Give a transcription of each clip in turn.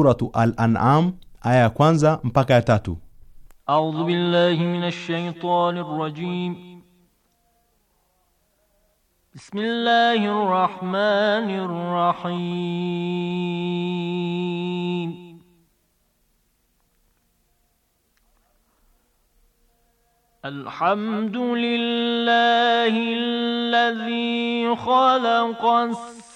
suratu Al-An'am aya ya kwanza mpaka ya tatu. A'udhu billahi minash shaitani rrajim. Bismillahir rahmanir rahim. الحمد لله الذي خلق السماوات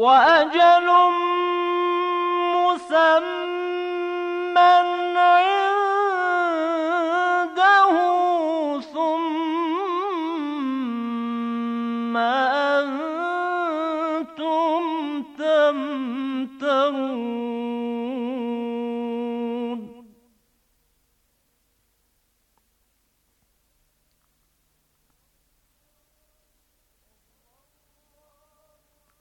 وأجل مسمى عند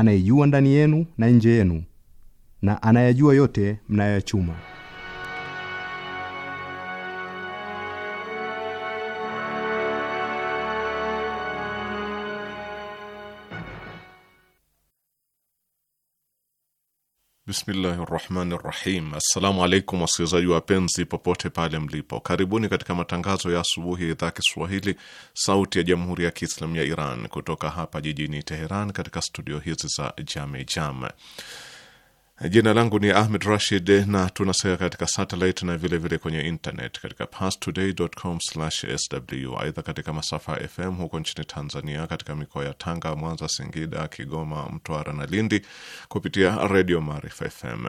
anayejua ndani yenu na nje yenu na anayajua yote mnayoyachuma. Bismillahi rahmani rahim. Assalamu alaikum wasikilizaji wapenzi, popote pale mlipo, karibuni katika matangazo ya asubuhi ya idhaa Kiswahili sauti ya jamhuri ya Kiislamu ya Iran kutoka hapa jijini Teheran, katika studio hizi za Jame Jina langu ni Ahmed Rashid na tunasikika katika satelit na vilevile vile kwenye internet katika pastodaycom sw Aidha, katika masafa ya FM huko nchini Tanzania, katika mikoa ya Tanga, Mwanza, Singida, Kigoma, Mtwara na Lindi kupitia Redio Maarifa FM.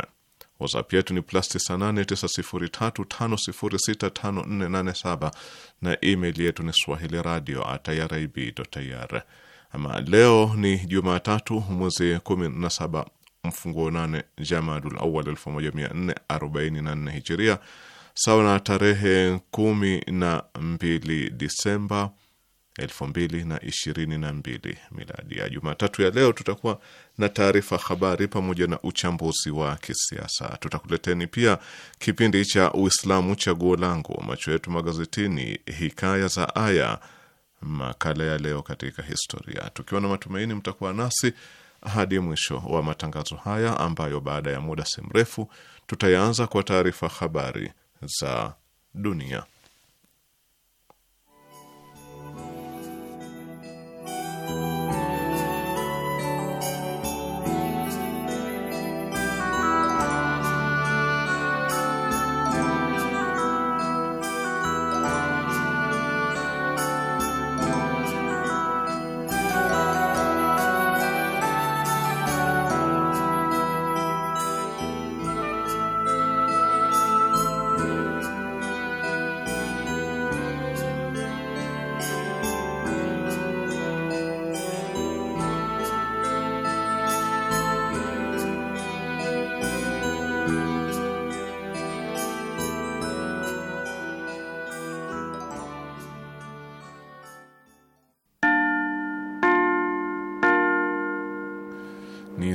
WhatsApp yetu ni plus 989035065487 na email yetu ni swahili radio at irib.ir. Ama leo ni Jumatatu mwezi 17 mfunguo nane Jamadul Awal 1444 hijiria sawa na tarehe kumi na mbili Disemba 2022 miladi. Ya Jumatatu ya leo tutakuwa na taarifa habari pamoja na uchambuzi wa kisiasa. Tutakuleteni pia kipindi cha Uislamu chaguo langu, macho yetu magazetini, hikaya za aya, makala ya leo katika historia, tukiwa na matumaini mtakuwa nasi hadi mwisho wa matangazo haya ambayo baada ya muda si mrefu tutayaanza kwa taarifa habari za dunia.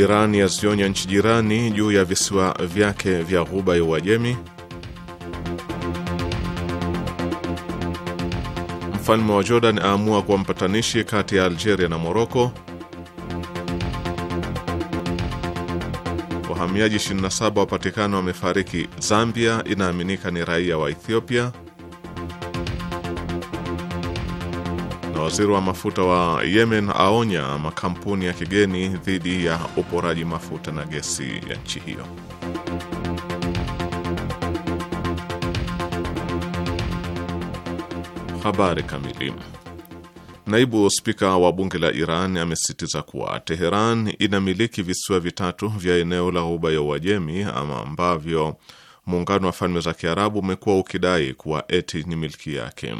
Iran yazionya nchi jirani juu ya visiwa vyake vya ghuba ya Uajemi. Mfalme wa Jordan aamua kuwa mpatanishi kati ya Algeria na Moroko. Wahamiaji 27 wapatikana wamefariki Zambia, inaaminika ni raia wa Ethiopia. Waziri wa mafuta wa Yemen aonya makampuni ya kigeni dhidi ya uporaji mafuta na gesi ya nchi hiyo. Habari kamili. Naibu spika wa bunge la Iran amesisitiza kuwa Teheran inamiliki visiwa vitatu vya eneo la Ghuba ya Uajemi ambavyo muungano wa falme za Kiarabu umekuwa ukidai kuwa eti ni milki yake.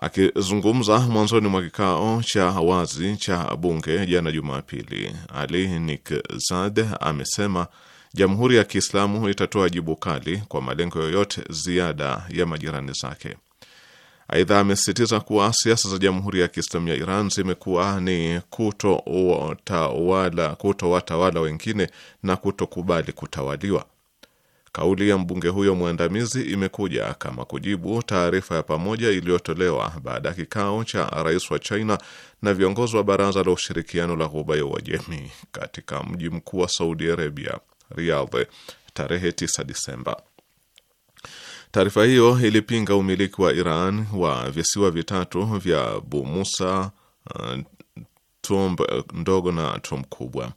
Akizungumza mwanzoni mwa kikao cha wazi cha bunge jana Jumapili, Ali Nikzad amesema Jamhuri ya Kiislamu itatoa jibu kali kwa malengo yoyote ziada ya majirani zake. Aidha, amesisitiza kuwa siasa za Jamhuri ya Kiislamu ya Iran zimekuwa ni kutowatawala kuto wengine na kutokubali kutawaliwa. Kauli ya mbunge huyo mwandamizi imekuja kama kujibu taarifa ya pamoja iliyotolewa baada ya kikao cha rais wa China na viongozi wa baraza la ushirikiano la Ghuba ya Uajemi katika mji mkuu wa Saudi Arabia, Riyadh, tarehe 9 Disemba. Taarifa hiyo ilipinga umiliki wa Iran wa visiwa vitatu vya Bumusa, eh, Tumb eh, ndogo na Tumb kubwa.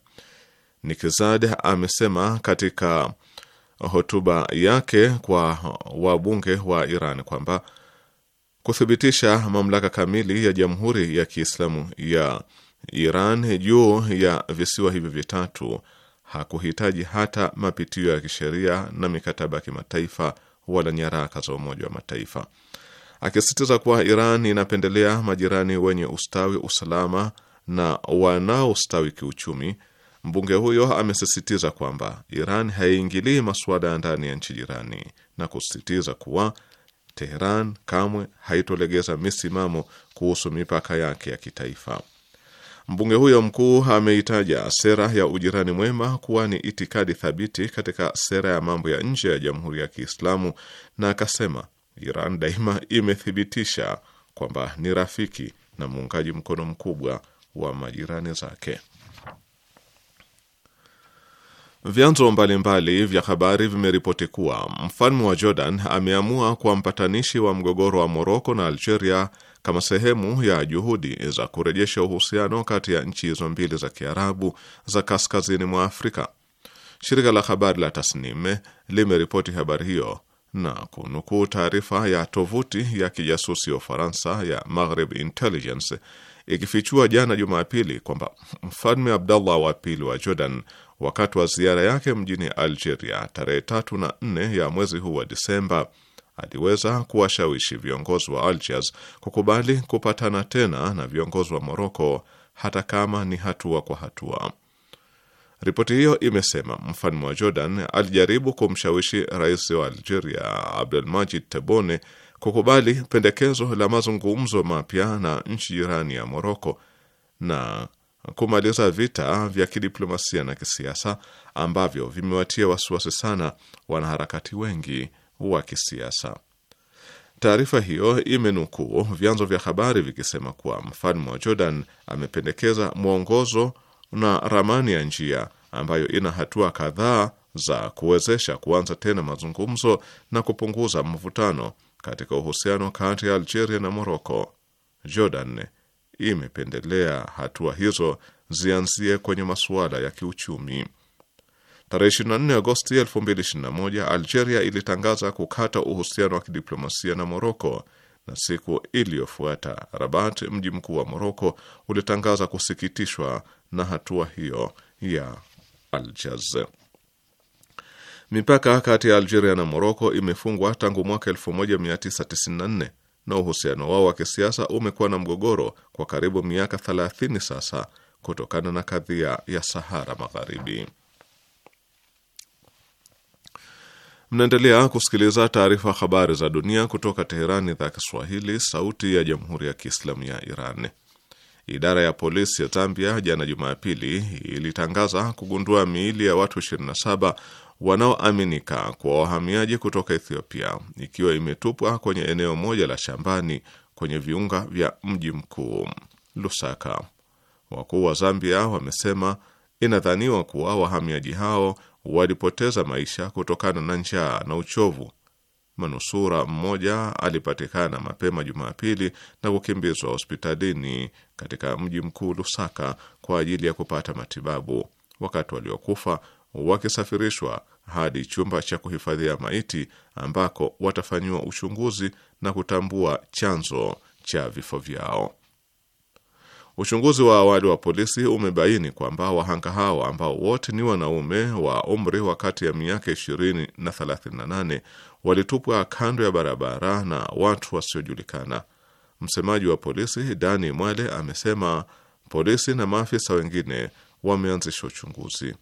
Nikizad amesema katika hotuba yake kwa wabunge wa Iran kwamba kuthibitisha mamlaka kamili ya Jamhuri ya Kiislamu ya Iran juu ya visiwa hivyo vitatu hakuhitaji hata mapitio ya kisheria na mikataba ya kimataifa wala nyaraka za Umoja wa Mataifa, akisisitiza kuwa Iran inapendelea majirani wenye ustawi, usalama na wanaostawi kiuchumi Mbunge huyo amesisitiza kwamba Iran haiingilii masuala ya ndani ya nchi jirani na kusisitiza kuwa Teheran kamwe haitolegeza misimamo kuhusu mipaka yake ya kitaifa. Mbunge huyo mkuu ameitaja sera ya ujirani mwema kuwa ni itikadi thabiti katika sera ya mambo ya nje ya Jamhuri ya Kiislamu na akasema Iran daima imethibitisha kwamba ni rafiki na muungaji mkono mkubwa wa majirani zake. Vyanzo mbalimbali vya habari vimeripoti kuwa mfalme wa Jordan ameamua kuwa mpatanishi wa mgogoro wa Moroko na Algeria kama sehemu ya juhudi za kurejesha uhusiano kati ya nchi hizo mbili za Kiarabu za kaskazini mwa Afrika. Shirika la habari la Tasnim limeripoti habari hiyo na kunukuu taarifa ya tovuti ya kijasusi ya Ufaransa ya Maghreb Intelligence ikifichua jana Jumapili kwamba mfalme Abdallah wa pili wa Jordan wakati wa ziara yake mjini Algeria tarehe tatu na nne ya mwezi huu wa Disemba aliweza kuwashawishi viongozi wa Algiers kukubali kupatana tena na viongozi wa Moroko hata kama ni hatua kwa hatua. Ripoti hiyo imesema mfalme wa Jordan alijaribu kumshawishi rais wa Algeria Abdelmajid Tebboune kukubali pendekezo la mazungumzo mapya na nchi jirani ya Moroko na kumaliza vita vya kidiplomasia na kisiasa ambavyo vimewatia wasiwasi sana wanaharakati wengi wa kisiasa. Taarifa hiyo imenukuu vyanzo vya habari vikisema kuwa mfalme wa Jordan amependekeza mwongozo na ramani ya njia ambayo ina hatua kadhaa za kuwezesha kuanza tena mazungumzo na kupunguza mvutano katika uhusiano kati ya Algeria na Moroko. Jordan imependelea hatua hizo zianzie kwenye masuala ya kiuchumi. Tarehe 24 Agosti 2021 Algeria ilitangaza kukata uhusiano wa kidiplomasia na Moroko, na siku iliyofuata Rabat, mji mkuu wa Moroko, ulitangaza kusikitishwa na hatua hiyo ya Aljaz. Mipaka kati ya Algeria na Moroko imefungwa tangu mwaka 1994 na uhusiano wao wa kisiasa umekuwa na mgogoro kwa karibu miaka 30 sasa kutokana na kadhia ya Sahara Magharibi. Mnaendelea kusikiliza taarifa habari za dunia kutoka Teherani, idhaa Kiswahili, sauti ya jamhuri ya kiislamu ya Iran. Idara ya polisi ya Zambia jana Jumapili ilitangaza kugundua miili ya watu 27 wanaoaminika kwa wahamiaji kutoka Ethiopia ikiwa imetupwa kwenye eneo moja la shambani kwenye viunga vya mji mkuu Lusaka. Wakuu wa Zambia wamesema inadhaniwa kuwa wahamiaji hao walipoteza maisha kutokana na njaa na uchovu. Manusura mmoja alipatikana mapema Jumapili na kukimbizwa hospitalini katika mji mkuu Lusaka kwa ajili ya kupata matibabu. Wakati waliokufa wakisafirishwa hadi chumba cha kuhifadhia maiti ambako watafanyiwa uchunguzi na kutambua chanzo cha vifo vyao. Uchunguzi wa awali wa polisi umebaini kwamba wahanga hao ambao wote ni wanaume wa umri wa kati ya miaka 20 na 38 walitupwa kando ya barabara na watu wasiojulikana. Msemaji wa polisi Dani Mwale amesema polisi na maafisa wengine wameanzisha uchunguzi.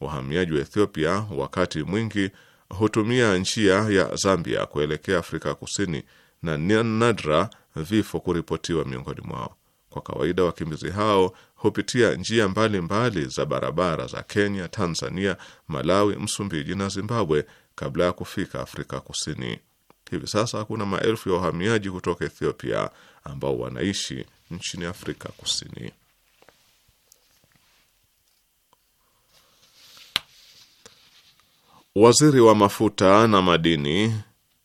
Wahamiaji wa Ethiopia wakati mwingi hutumia njia ya Zambia kuelekea Afrika Kusini na nadra vifo kuripotiwa miongoni mwao. Kwa kawaida wakimbizi hao hupitia njia mbalimbali mbali za barabara za Kenya, Tanzania, Malawi, Msumbiji na Zimbabwe kabla ya kufika Afrika Kusini. Hivi sasa kuna maelfu ya wahamiaji kutoka Ethiopia ambao wanaishi nchini Afrika Kusini. Waziri wa mafuta na madini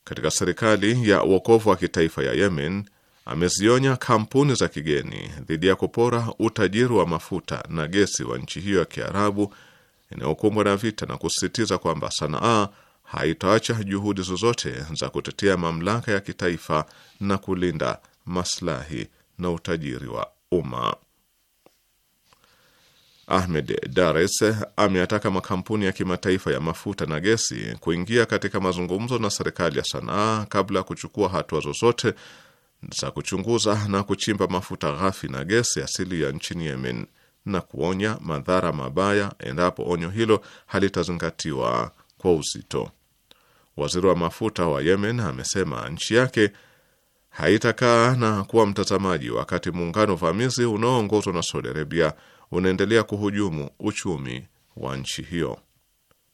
katika serikali ya uokovu wa kitaifa ya Yemen amezionya kampuni za kigeni dhidi ya kupora utajiri wa mafuta na gesi wa nchi hiyo ya Kiarabu inayokumbwa na vita na kusisitiza kwamba Sanaa haitoacha juhudi zozote za kutetea mamlaka ya kitaifa na kulinda maslahi na utajiri wa umma. Ahmed Dares ameataka makampuni ya kimataifa ya mafuta na gesi kuingia katika mazungumzo na serikali ya Sanaa kabla ya kuchukua hatua zozote za kuchunguza na kuchimba mafuta ghafi na gesi asili ya nchini Yemen na kuonya madhara mabaya endapo onyo hilo halitazingatiwa kwa uzito. Waziri wa mafuta wa Yemen amesema nchi yake haitakaa na kuwa mtazamaji wakati muungano vamizi unaoongozwa na Saudi Arabia unaendelea kuhujumu uchumi wa nchi hiyo.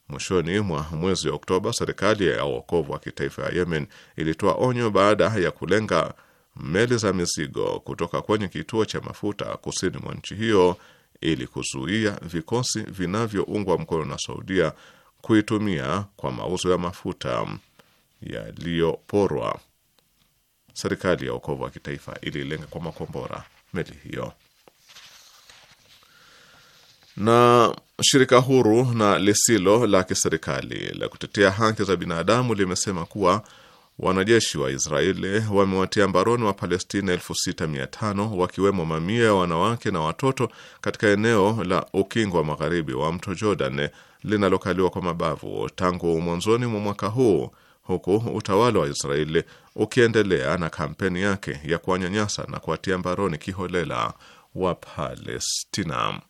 Mwishoni mwa mwezi wa Oktoba, serikali ya uokovu wa kitaifa ya Yemen ilitoa onyo baada ya kulenga meli za mizigo kutoka kwenye kituo cha mafuta kusini mwa nchi hiyo ili kuzuia vikosi vinavyoungwa mkono na Saudia kuitumia kwa mauzo ya mafuta yaliyoporwa. Serikali ya uokovu wa kitaifa ililenga kwa makombora meli hiyo. Na shirika huru na lisilo la kiserikali la kutetea haki za binadamu limesema kuwa wanajeshi wa Israeli wamewatia mbaroni wa Palestina 6500 wakiwemo mamia ya wanawake na watoto katika eneo la ukingo wa magharibi wa mto Jordan linalokaliwa kwa mabavu tangu mwanzoni mwa mwaka huu, huku utawala wa Israeli ukiendelea na kampeni yake ya kuwanyanyasa na kuwatia mbaroni kiholela wa Palestina.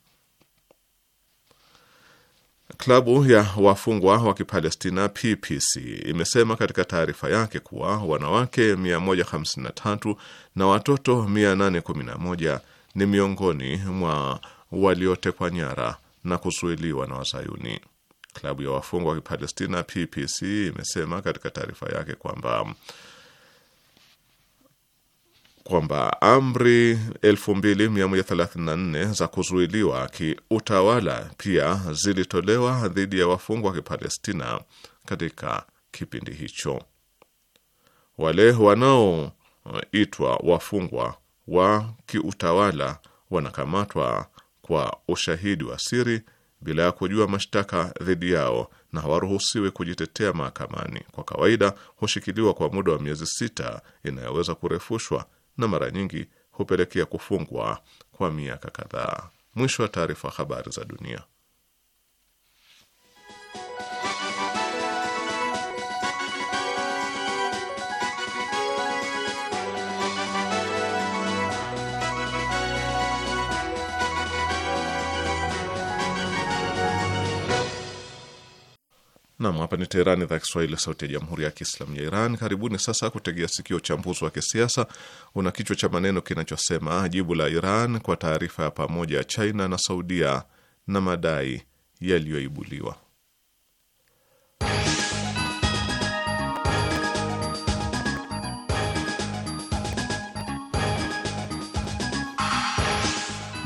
Klabu ya wafungwa wa Kipalestina PPC imesema katika taarifa yake kuwa wanawake 153 na watoto 811 ni miongoni mwa waliotekwa nyara na kuzuiliwa na Wazayuni. Klabu ya wafungwa wa Kipalestina PPC imesema katika taarifa yake kwamba kwamba amri 2134 za kuzuiliwa kiutawala pia zilitolewa dhidi ya wafungwa wa Kipalestina katika kipindi hicho. Wale wanaoitwa wafungwa wa kiutawala wanakamatwa kwa ushahidi wa siri bila ya kujua mashtaka dhidi yao na hawaruhusiwi kujitetea mahakamani. Kwa kawaida hushikiliwa kwa muda wa miezi sita inayoweza kurefushwa na mara nyingi hupelekea kufungwa kwa miaka kadhaa. Mwisho wa taarifa. Habari za dunia. Nam, hapa ni Teherani, idhaa Kiswahili, sauti ya jamhuri ya kiislamu ya Iran. Karibuni sasa kutegea sikio uchambuzi wa kisiasa una kichwa cha maneno kinachosema jibu la Iran kwa taarifa ya pamoja ya China na Saudia na madai yaliyoibuliwa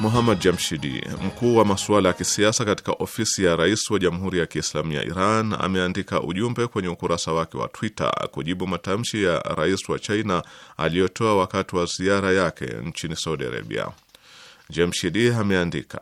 Muhammad Jamshidi, mkuu wa masuala ya kisiasa katika ofisi ya rais wa Jamhuri ya Kiislamu ya Iran, ameandika ujumbe kwenye ukurasa wake wa Twitter kujibu matamshi ya rais wa China aliyotoa wakati wa ziara yake nchini Saudi Arabia. Jamshidi ameandika,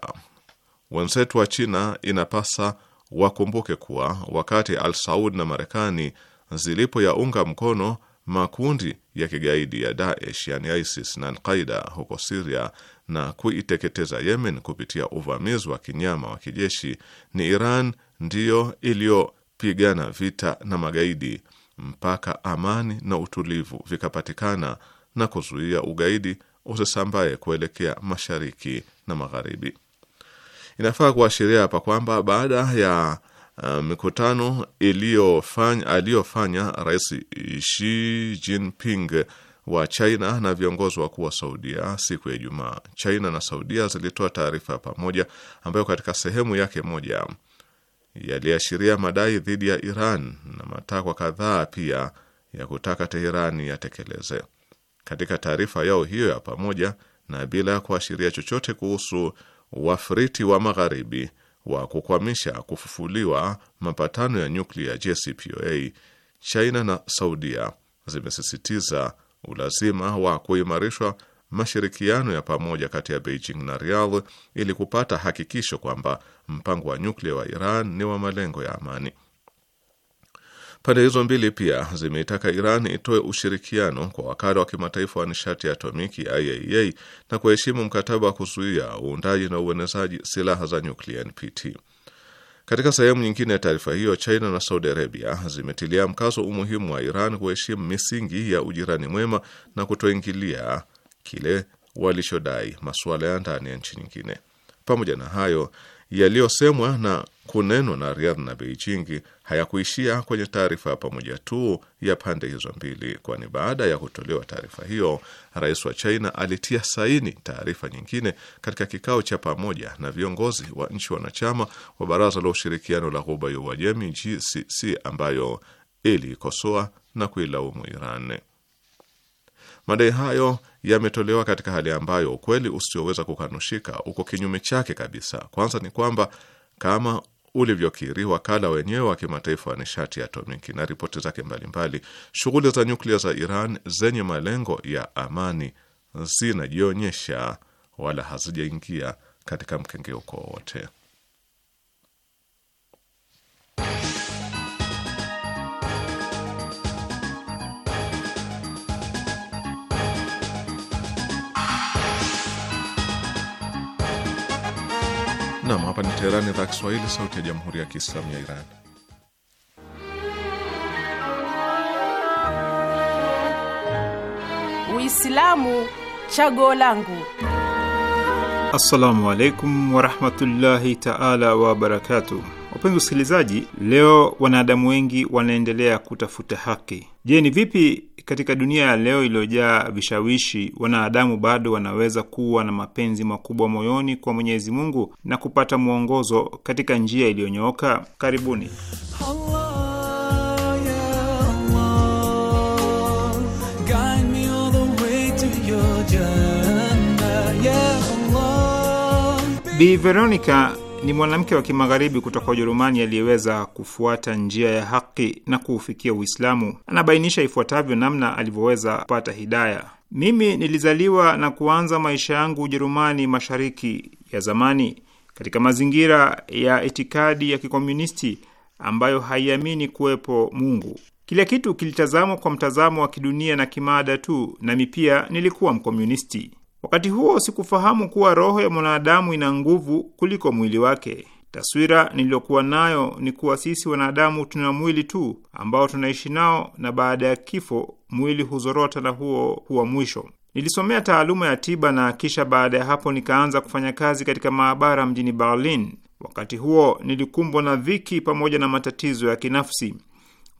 wenzetu wa China inapasa wakumbuke kuwa wakati Al Saud na Marekani zilipo yaunga mkono makundi ya kigaidi ya Daesh yani ISIS na Alqaida huko Siria na kuiteketeza Yemen kupitia uvamizi wa kinyama wa kijeshi, ni Iran ndiyo iliyopigana vita na magaidi mpaka amani na utulivu vikapatikana na kuzuia ugaidi usisambaye kuelekea mashariki na magharibi. Inafaa kuashiria hapa kwamba baada ya uh, mikutano aliyofanya Rais Xi Jinping wa China na viongozi wakuu wa Saudia siku ya Ijumaa. China na Saudia zilitoa taarifa ya pamoja ambayo katika sehemu yake moja yaliashiria madai dhidi ya Iran na matakwa kadhaa pia ya kutaka Teherani yatekeleze. Katika taarifa yao hiyo ya pamoja na bila ya kuashiria chochote kuhusu wafriti wa magharibi wa kukwamisha kufufuliwa mapatano ya nyuklia JCPOA, China na Saudia zimesisitiza ulazima wa kuimarishwa mashirikiano ya pamoja kati ya Beijing na Riyadh ili kupata hakikisho kwamba mpango wa nyuklia wa Iran ni wa malengo ya amani. Pande hizo mbili pia zimeitaka Iran itoe ushirikiano kwa wakala wa kimataifa wa nishati ya atomiki IAEA e, na kuheshimu mkataba wa kuzuia uundaji na uenezaji silaha za nyuklia NPT. Katika sehemu nyingine ya taarifa hiyo, China na Saudi Arabia zimetilia mkazo umuhimu wa Iran kuheshimu misingi ya ujirani mwema na kutoingilia kile walichodai masuala ya ndani ya nchi nyingine. Pamoja na hayo, yaliyosemwa na kunenwa na Riyadh na Beijing hayakuishia kwenye taarifa ya pamoja tu ya pande hizo mbili, kwani baada ya kutolewa taarifa hiyo, rais wa China alitia saini taarifa nyingine katika kikao cha pamoja na viongozi wa nchi wanachama wa Baraza la Ushirikiano la Ghuba ya Uajemi GCC ambayo iliikosoa na kuilaumu Iran. Madai hayo yametolewa katika hali ambayo ukweli usioweza kukanushika uko kinyume chake kabisa. Kwanza ni kwamba kama ulivyokiri wakala wenyewe wa kimataifa wa nishati ya atomiki na ripoti zake mbalimbali, shughuli za nyuklia za Iran zenye malengo ya amani zinajionyesha wala hazijaingia katika mkengeuko wowote. Teherani, idhaa Kiswahili, sauti ya jamhuri ya kiislamu ya Iran. Uislamu chaguo langu. Assalamu alaikum warahmatullahi taala wabarakatu. Wapenzi wasikilizaji, leo wanadamu wengi wanaendelea kutafuta haki. Je, ni vipi katika dunia ya leo iliyojaa vishawishi, wanadamu bado wanaweza kuwa na mapenzi makubwa moyoni kwa Mwenyezi Mungu na kupata mwongozo katika njia iliyonyooka. Karibuni. Bi Veronica ni mwanamke wa kimagharibi kutoka Ujerumani aliyeweza kufuata njia ya haki na kuufikia Uislamu. Anabainisha ifuatavyo namna alivyoweza kupata hidaya. Mimi nilizaliwa na kuanza maisha yangu Ujerumani mashariki ya zamani katika mazingira ya itikadi ya kikomunisti ambayo haiamini kuwepo Mungu. Kila kitu kilitazamwa kwa mtazamo wa kidunia na kimada tu, nami pia nilikuwa mkomunisti. Wakati huo sikufahamu kuwa roho ya mwanadamu ina nguvu kuliko mwili wake. Taswira niliyokuwa nayo ni kuwa sisi wanadamu tuna mwili tu ambao tunaishi nao, na baada ya kifo mwili huzorota na huo huwa mwisho. Nilisomea taaluma ya tiba na kisha baada ya hapo nikaanza kufanya kazi katika maabara mjini Berlin. Wakati huo nilikumbwa na dhiki pamoja na matatizo ya kinafsi.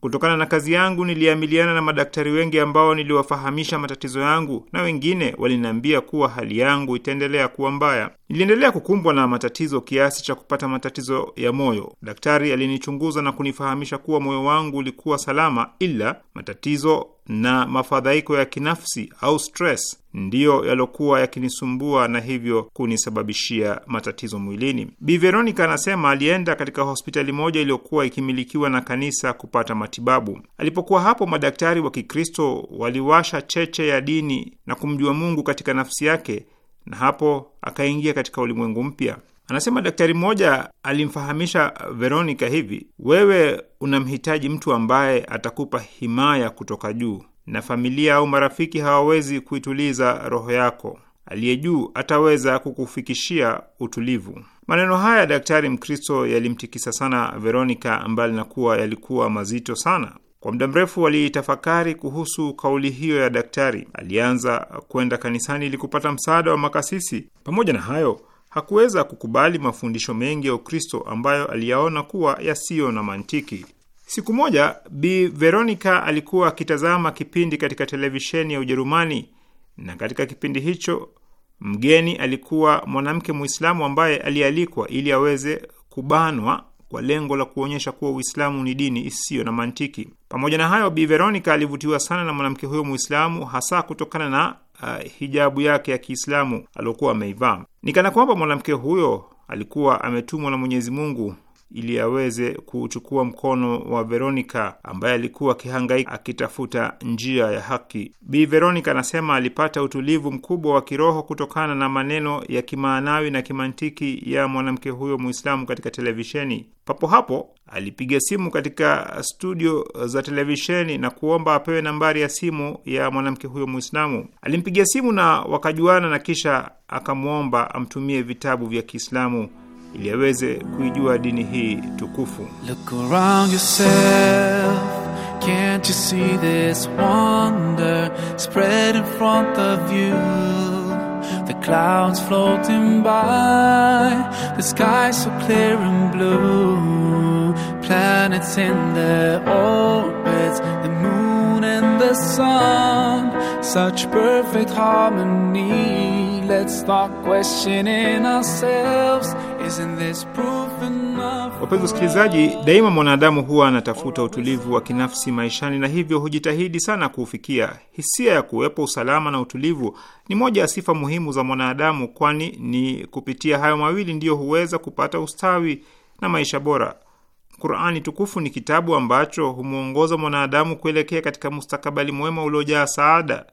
Kutokana na kazi yangu niliamiliana na madaktari wengi ambao niliwafahamisha matatizo yangu na wengine waliniambia kuwa hali yangu itaendelea kuwa mbaya. Niliendelea kukumbwa na matatizo kiasi cha kupata matatizo ya moyo. Daktari alinichunguza na kunifahamisha kuwa moyo wangu ulikuwa salama, ila matatizo na mafadhaiko ya kinafsi au stress ndiyo yaliokuwa yakinisumbua na hivyo kunisababishia matatizo mwilini. Bi Veronica anasema alienda katika hospitali moja iliyokuwa ikimilikiwa na kanisa kupata matibabu. Alipokuwa hapo, madaktari wa Kikristo waliwasha cheche ya dini na kumjua Mungu katika nafsi yake na hapo akaingia katika ulimwengu mpya. Anasema daktari mmoja alimfahamisha Veronica hivi: wewe unamhitaji mtu ambaye atakupa himaya kutoka juu, na familia au marafiki hawawezi kuituliza roho yako. Aliye juu ataweza kukufikishia utulivu. Maneno haya daktari Mkristo yalimtikisa sana Veronica, mbali na kuwa yalikuwa mazito sana. Kwa muda mrefu waliitafakari kuhusu kauli hiyo ya daktari. Alianza kwenda kanisani ili kupata msaada wa makasisi. Pamoja na hayo, hakuweza kukubali mafundisho mengi ya Ukristo ambayo aliyaona kuwa yasiyo na mantiki. Siku moja, Bi Veronica alikuwa akitazama kipindi katika televisheni ya Ujerumani, na katika kipindi hicho mgeni alikuwa mwanamke Muislamu ambaye alialikwa ili aweze kubanwa kwa lengo la kuonyesha kuwa Uislamu ni dini isiyo na mantiki. Pamoja na hayo, Bi Veronica alivutiwa sana na mwanamke huyo Muislamu, hasa kutokana na uh, hijabu yake ya Kiislamu aliokuwa ameivaa. Ni kana kwamba mwanamke huyo alikuwa ametumwa na Mwenyezi Mungu ili aweze kuchukua mkono wa Veronica ambaye alikuwa akihangaika akitafuta njia ya haki. Bi Veronica anasema alipata utulivu mkubwa wa kiroho kutokana na maneno ya kimaanawi na kimantiki ya mwanamke huyo Muislamu katika televisheni. Papo hapo alipiga simu katika studio za televisheni na kuomba apewe nambari ya simu ya mwanamke huyo Muislamu. Alimpigia simu na wakajuana, na kisha akamwomba amtumie vitabu vya Kiislamu. ili aweze kuijua dini hii tukufu. Look around yourself, can't you see this wonder spread in front of you? The clouds floating by, the sky so clear and blue, planets in their orbits, the moon and the sun, such perfect harmony. Let's start questioning ourselves. Wapenzi wasikilizaji, daima mwanadamu huwa anatafuta utulivu wa kinafsi maishani na hivyo hujitahidi sana kuufikia. Hisia ya kuwepo usalama na utulivu ni moja ya sifa muhimu za mwanadamu, kwani ni kupitia hayo mawili ndiyo huweza kupata ustawi na maisha bora. Qurani tukufu ni kitabu ambacho humwongoza mwanadamu kuelekea katika mustakabali mwema uliojaa saada.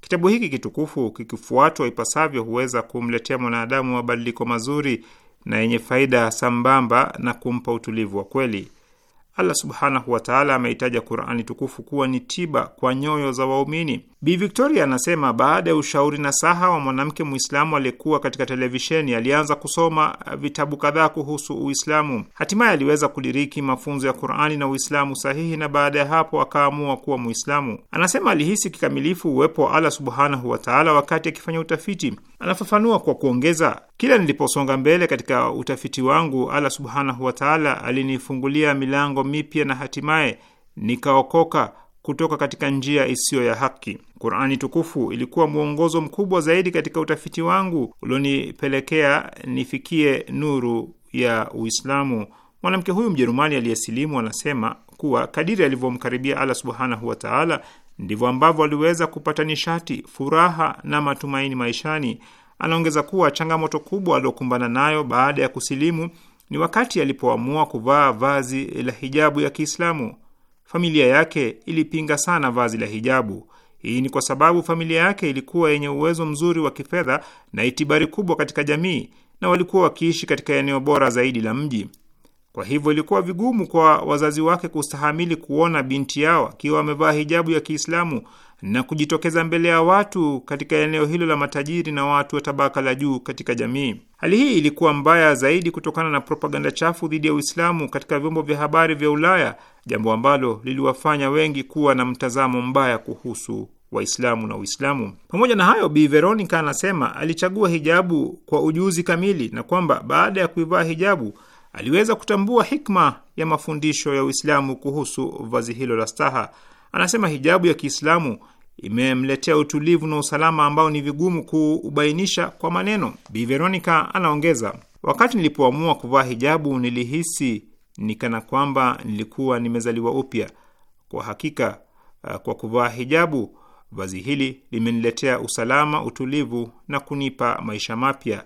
Kitabu hiki kitukufu kikifuatwa ipasavyo huweza kumletea mwanadamu mabadiliko mazuri na yenye faida sambamba na kumpa utulivu wa kweli. Allah subhanahu wataala ameitaja Qurani tukufu kuwa ni tiba kwa nyoyo za waumini Bi Victoria anasema baada ya ushauri na saha wa mwanamke Mwislamu aliyekuwa katika televisheni, alianza kusoma eh, vitabu kadhaa kuhusu Uislamu. Hatimaye aliweza kudiriki mafunzo ya Qurani na Uislamu sahihi, na baada ya hapo akaamua kuwa Mwislamu. Anasema alihisi kikamilifu uwepo wa Allah subhanahu wataala wakati akifanya utafiti. Anafafanua kwa kuongeza, kila niliposonga mbele katika utafiti wangu, Allah subhanahu wataala alinifungulia milango mipya na hatimaye nikaokoka kutoka katika njia isiyo ya haki. Qurani tukufu ilikuwa mwongozo mkubwa zaidi katika utafiti wangu ulionipelekea nifikie nuru ya Uislamu. Mwanamke huyu Mjerumani aliyesilimu anasema kuwa kadiri alivyomkaribia Allah subhanahu wa taala ndivyo ambavyo aliweza kupata nishati, furaha na matumaini maishani. Anaongeza kuwa changamoto kubwa aliokumbana nayo baada ya kusilimu ni wakati alipoamua kuvaa vazi la hijabu ya Kiislamu familia yake ilipinga sana vazi la hijabu. Hii ni kwa sababu familia yake ilikuwa yenye uwezo mzuri wa kifedha na itibari kubwa katika jamii na walikuwa wakiishi katika eneo bora zaidi la mji. Kwa hivyo ilikuwa vigumu kwa wazazi wake kustahamili kuona binti yao akiwa amevaa hijabu ya Kiislamu na kujitokeza mbele ya watu katika eneo hilo la matajiri na watu wa tabaka la juu katika jamii. Hali hii ilikuwa mbaya zaidi kutokana na propaganda chafu dhidi ya Uislamu katika vyombo vya habari vya Ulaya, jambo ambalo liliwafanya wengi kuwa na mtazamo mbaya kuhusu Waislamu na Uislamu. Pamoja na hayo, Bi Veronica anasema alichagua hijabu kwa ujuzi kamili na kwamba baada ya kuivaa hijabu aliweza kutambua hikma ya mafundisho ya Uislamu kuhusu vazi hilo la staha. Anasema hijabu ya Kiislamu imemletea utulivu na usalama ambao ni vigumu kuubainisha kwa maneno. Bi Veronica anaongeza, wakati nilipoamua kuvaa hijabu nilihisi ni kana kwamba nilikuwa nimezaliwa upya. Kwa hakika, eh, kwa kuvaa hijabu, vazi hili limeniletea usalama, utulivu na kunipa maisha mapya.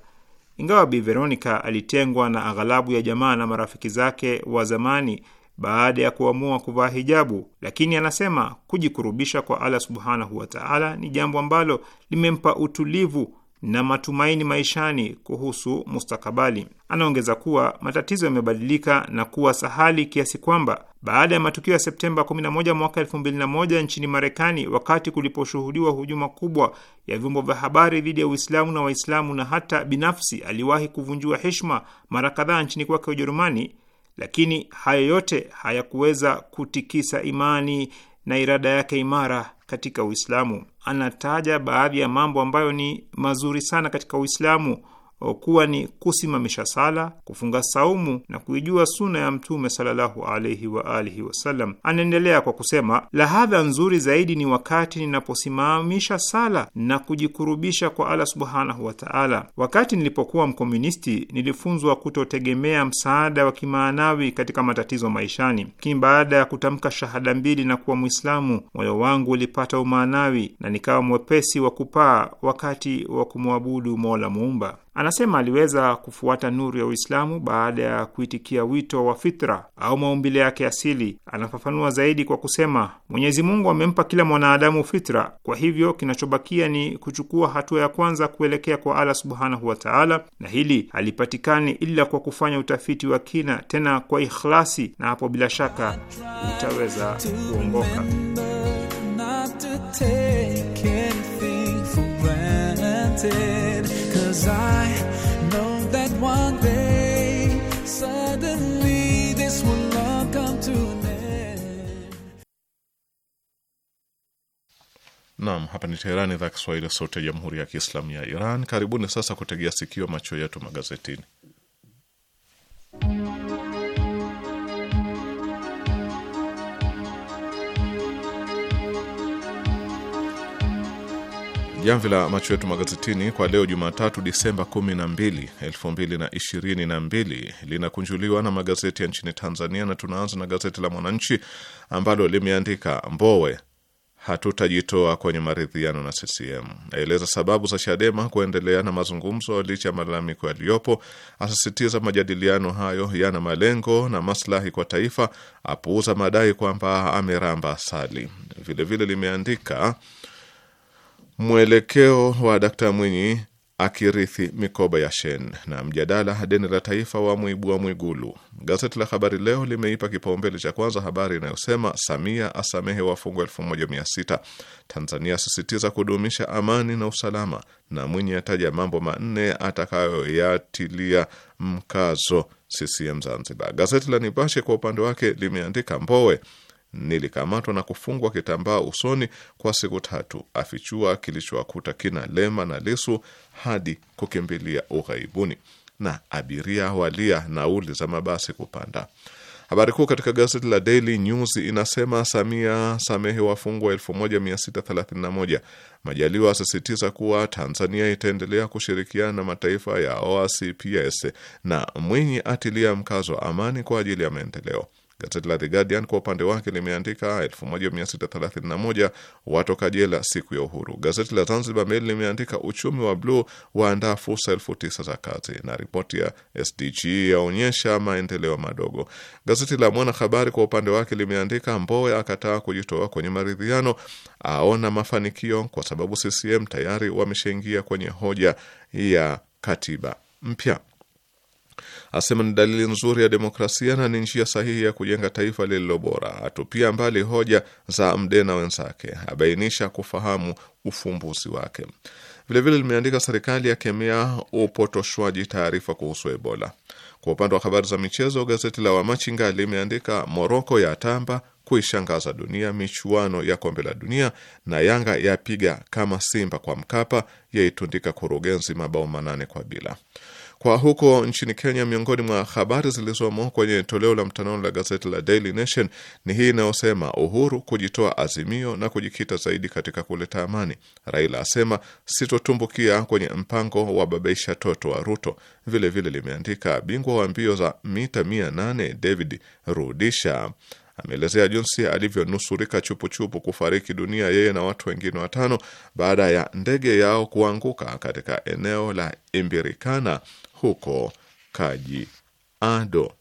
Ingawa Bi Veronica alitengwa na aghalabu ya jamaa na marafiki zake wa zamani baada ya kuamua kuvaa hijabu, lakini anasema kujikurubisha kwa Allah subhanahu wa taala ni jambo ambalo limempa utulivu na matumaini maishani kuhusu mustakabali. Anaongeza kuwa matatizo yamebadilika na kuwa sahali kiasi kwamba baada ya matukio ya Septemba 11 mwaka 2001 nchini Marekani, wakati kuliposhuhudiwa hujuma kubwa ya vyombo vya habari dhidi ya Uislamu na Waislamu na hata binafsi, aliwahi kuvunjiwa heshima mara kadhaa nchini kwake Ujerumani lakini hayo yote hayakuweza kutikisa imani na irada yake imara katika Uislamu. Anataja baadhi ya mambo ambayo ni mazuri sana katika Uislamu kuwa ni kusimamisha sala, kufunga saumu na kuijua suna ya Mtume sallallahu alaihi wa alihi wasallam. Anaendelea kwa kusema, lahadha nzuri zaidi ni wakati ninaposimamisha sala na kujikurubisha kwa Allah subhanahu wa taala. Wakati nilipokuwa mkomunisti, nilifunzwa kutotegemea msaada wa kimaanawi katika matatizo maishani, lakini baada ya kutamka shahada mbili na kuwa Mwislamu, moyo wangu ulipata umaanawi na nikawa mwepesi wa kupaa wakati wa kumwabudu Mola Muumba. Anasema aliweza kufuata nuru ya Uislamu baada ya kuitikia wito wa fitra au maumbile yake asili. Anafafanua zaidi kwa kusema, Mwenyezi Mungu amempa kila mwanadamu fitra, kwa hivyo kinachobakia ni kuchukua hatua ya kwanza kuelekea kwa Allah subhanahu wa taala, na hili halipatikani ila kwa kufanya utafiti wa kina, tena kwa ikhlasi, na hapo bila shaka utaweza kuongoka. Cause I know that one day, suddenly, this will all come to an end. Naam, hapa ni Teherani, idhaa Kiswahili, sauti ya jamhuri ya kiislamu ya Iran. Karibuni sasa kutegea sikio, macho yetu magazetini. Jamvi la macho yetu magazetini kwa leo Jumatatu, Disemba 12, 2022 linakunjuliwa na magazeti ya nchini Tanzania, na tunaanza na gazeti la Mwananchi ambalo limeandika Mbowe hatutajitoa kwenye maridhiano na CCM, aeleza sababu za Chadema kuendelea na mazungumzo licha ya malalamiko yaliyopo, asisitiza majadiliano hayo yana malengo na maslahi kwa taifa, apuuza madai kwamba ameramba asali. Vilevile limeandika mwelekeo wa Dkt Mwinyi akirithi mikoba ya Shen na mjadala deni la taifa wa Mwibua Mwigulu. Gazeti la Habari Leo limeipa kipaumbele cha kwanza habari inayosema Samia asamehe wafungwa sita Tanzania asisitiza kudumisha amani na usalama, na Mwinyi ataja mambo manne atakayoyatilia mkazo CCM Zanzibar. Gazeti la Nipashe kwa upande wake limeandika Mbowe nilikamatwa na kufungwa kitambaa usoni kwa siku tatu, afichua kilichowakuta kina Lema na Lisu hadi kukimbilia ughaibuni, na abiria walia nauli za mabasi kupanda. Habari kuu katika gazeti la Daily News inasema Samia samehe wafungwa 1631. Majaliwa asisitiza kuwa Tanzania itaendelea kushirikiana na mataifa ya OACPS na Mwinyi atilia mkazo amani kwa ajili ya maendeleo. Gazeti la The Guardian kwa upande wake limeandika 1631 watoka jela siku ya uhuru. Gazeti la Zanzibar Mail limeandika uchumi wa bluu waandaa fursa 9000 za kazi, na ripoti ya SDG yaonyesha maendeleo madogo. Gazeti la Mwanahabari kwa upande wake limeandika Mbowe akataa kujitoa kwenye maridhiano, aona mafanikio kwa sababu CCM tayari wameshaingia kwenye hoja ya katiba mpya. Asema ni dalili nzuri ya demokrasia na ni njia sahihi ya kujenga taifa lililo bora. Atupia mbali hoja za Mdena wenzake, abainisha kufahamu ufumbuzi wake. Vilevile limeandika serikali ya kemea upotoshwaji taarifa kuhusu Ebola. Kwa upande wa habari za michezo, gazeti la Wamachinga limeandika Moroko ya tamba kuishangaza dunia michuano ya kombe la dunia, na Yanga yapiga kama Simba kwa Mkapa, yaitundika kurugenzi mabao manane kwa bila kwa huko nchini Kenya, miongoni mwa habari zilizomo kwenye toleo la mtandao la gazeti la Daily Nation ni hii inayosema Uhuru kujitoa Azimio na kujikita zaidi katika kuleta amani. Raila asema sitotumbukia kwenye mpango wa babaisha toto wa Ruto. Vile vile limeandika bingwa wa mbio za mita mia nane David Rudisha ameelezea jinsi alivyonusurika chupuchupu kufariki dunia yeye na watu wengine watano baada ya ndege yao kuanguka katika eneo la Imbirikana huko Kaji Ado.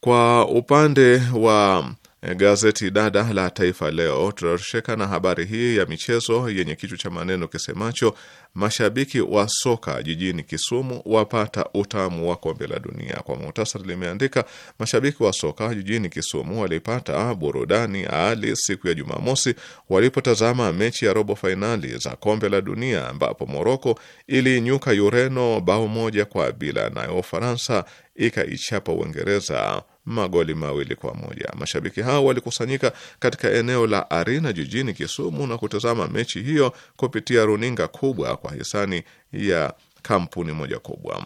Kwa upande wa Gazeti dada la Taifa Leo tunarsheka na habari hii ya michezo yenye kichwa cha maneno kisemacho mashabiki wa soka jijini Kisumu wapata utamu wa kombe la dunia. Kwa muhtasari, limeandika mashabiki wa soka jijini Kisumu walipata burudani ali siku ya Jumamosi walipotazama mechi ya robo fainali za kombe la dunia ambapo Moroko iliinyuka Ureno bao moja kwa bila, nayo Ufaransa ikaichapa Uingereza magoli mawili kwa moja. Mashabiki hao walikusanyika katika eneo la arina jijini Kisumu na kutazama mechi hiyo kupitia runinga kubwa kwa hisani ya kampuni moja kubwa.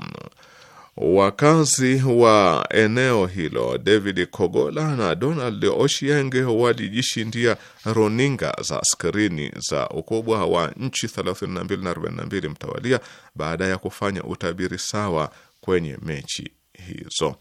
Wakazi wa eneo hilo David Kogola na Donald Oshieng walijishindia runinga za skrini za ukubwa wa nchi 32 na 42 mtawalia baada ya kufanya utabiri sawa kwenye mechi hizo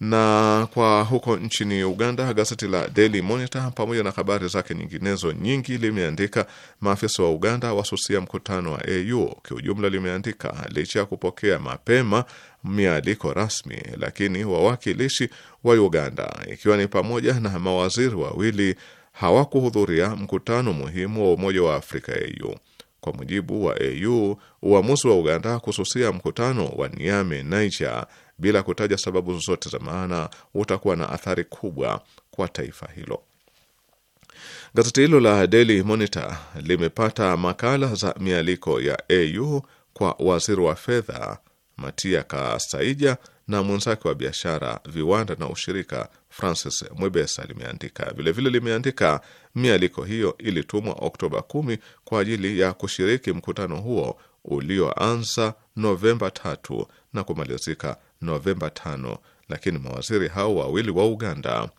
na kwa huko nchini Uganda, gazeti la Daily Monitor pamoja na habari zake nyinginezo nyingi limeandika maafisa wa Uganda wasusia mkutano wa AU. Kiujumla limeandika licha ya kupokea mapema mialiko rasmi, lakini wawakilishi wa Uganda ikiwa ni pamoja na mawaziri wawili hawakuhudhuria mkutano muhimu wa Umoja wa Afrika AU. Kwa mujibu wa AU, uamuzi wa Uganda kususia mkutano wa Niame Niger bila kutaja sababu zozote za maana utakuwa na athari kubwa kwa taifa hilo. Gazeti hilo la Daily Monitor limepata makala za mialiko ya AU kwa waziri wa fedha Matia Kasaija na mwenzake wa biashara, viwanda na ushirika Francis Mwebesa limeandika vilevile. Limeandika mialiko hiyo ilitumwa Oktoba 10 kwa ajili ya kushiriki mkutano huo ulioanza Novemba 3 na kumalizika Novemba 5, lakini mawaziri hao wawili wa Uganda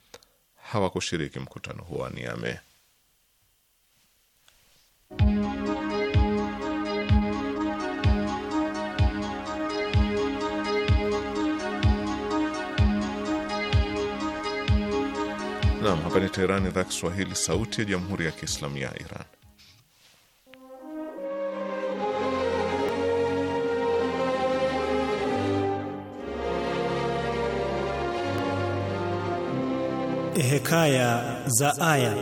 hawakushiriki mkutano huo wa niame Nam, hapa ni Teherani, idhaa Kiswahili, sauti ya jamhuri ya kiislamu ya Iran. Hekaya za aya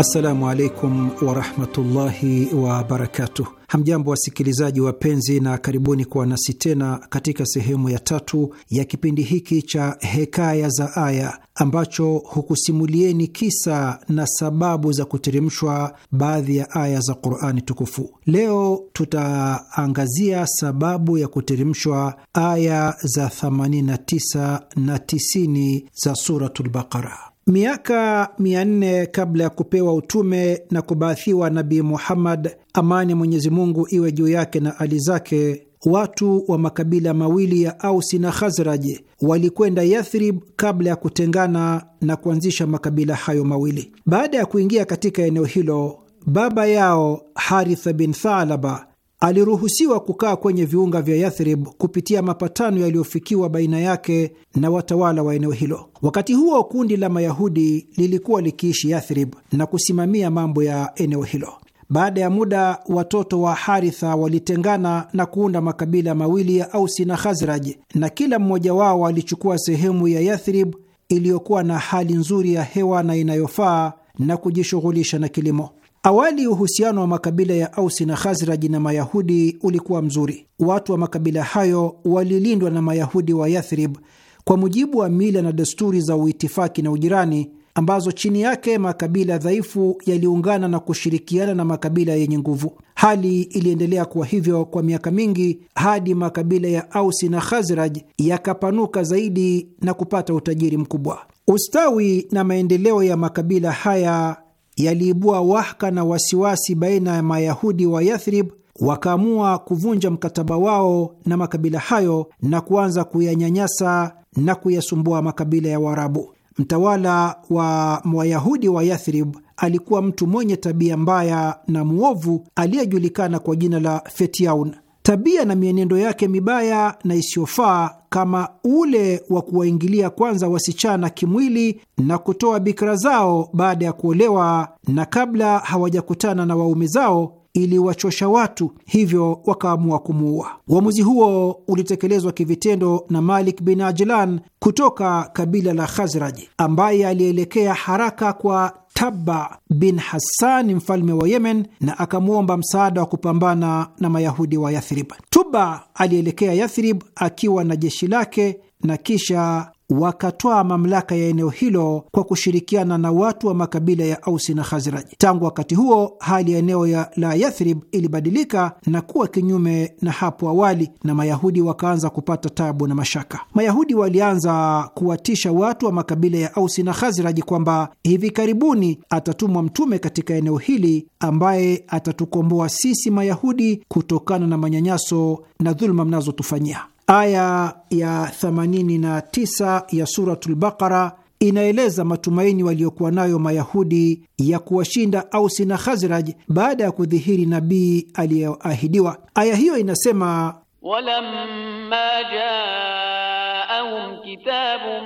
Assalamu alaikum warahmatullahi wabarakatuh. Hamjambo wasikilizaji wapenzi, na karibuni kwa nasi tena katika sehemu ya tatu ya kipindi hiki cha Hekaya za Aya ambacho hukusimulieni kisa na sababu za kuteremshwa baadhi ya aya za Qurani Tukufu. Leo tutaangazia sababu ya kuteremshwa aya za 89 na 90 za Suratul Baqara. Miaka mia nne kabla ya kupewa utume na kubaathiwa Nabii Muhammad, amani Mwenyezi Mungu iwe juu yake na ali zake, watu wa makabila mawili ya Ausi na Khazraj walikwenda Yathrib kabla ya kutengana na kuanzisha makabila hayo mawili. Baada ya kuingia katika eneo hilo, baba yao Haritha bin Thalaba aliruhusiwa kukaa kwenye viunga vya Yathrib kupitia mapatano yaliyofikiwa baina yake na watawala wa eneo hilo. Wakati huo kundi la Mayahudi lilikuwa likiishi Yathrib na kusimamia mambo ya eneo hilo. Baada ya muda, watoto wa Haritha walitengana na kuunda makabila mawili ya Ausi na Khazraj, na kila mmoja wao alichukua sehemu ya Yathrib iliyokuwa na hali nzuri ya hewa na inayofaa na kujishughulisha na kilimo. Awali uhusiano wa makabila ya Ausi na Khazraji na Mayahudi ulikuwa mzuri. Watu wa makabila hayo walilindwa na Mayahudi wa Yathrib kwa mujibu wa mila na desturi za uitifaki na ujirani, ambazo chini yake makabila dhaifu yaliungana na kushirikiana na makabila yenye nguvu. Hali iliendelea kuwa hivyo kwa miaka mingi hadi makabila ya Ausi na Khazraj yakapanuka zaidi na kupata utajiri mkubwa. Ustawi na maendeleo ya makabila haya yaliibua wahka na wasiwasi baina ya Mayahudi wa Yathrib, wakaamua kuvunja mkataba wao na makabila hayo na kuanza kuyanyanyasa na kuyasumbua makabila ya Waarabu. Mtawala wa Wayahudi wa Yathrib alikuwa mtu mwenye tabia mbaya na mwovu aliyejulikana kwa jina la Fetiaun tabia na mienendo yake mibaya na isiyofaa kama ule wa kuwaingilia kwanza wasichana kimwili na kutoa bikira zao baada ya kuolewa na kabla hawajakutana na waume zao iliwachosha watu, hivyo wakaamua kumuua. Uamuzi huo ulitekelezwa kivitendo na Malik bin Ajlan kutoka kabila la Khazraj, ambaye alielekea haraka kwa Taba bin hassan mfalme wa Yemen na akamwomba msaada wa kupambana na Mayahudi wa Yathrib. Tuba alielekea Yathrib akiwa na jeshi lake na kisha wakatoa mamlaka ya eneo hilo kwa kushirikiana na watu wa makabila ya Ausi na Khazraji. Tangu wakati huo, hali ya eneo ya la Yathrib ilibadilika na kuwa kinyume na hapo awali, na Mayahudi wakaanza kupata tabu na mashaka. Mayahudi walianza kuwatisha watu wa makabila ya Ausi na Khazraji kwamba hivi karibuni atatumwa mtume katika eneo hili ambaye atatukomboa sisi Mayahudi kutokana na manyanyaso na dhuluma mnazotufanyia. Aya ya 89 ya Suratul Baqara inaeleza matumaini waliokuwa nayo Mayahudi ya kuwashinda Ausi na Khazraj baada ya kudhihiri nabii aliyeahidiwa. Aya hiyo inasema walamma jaahum kitabun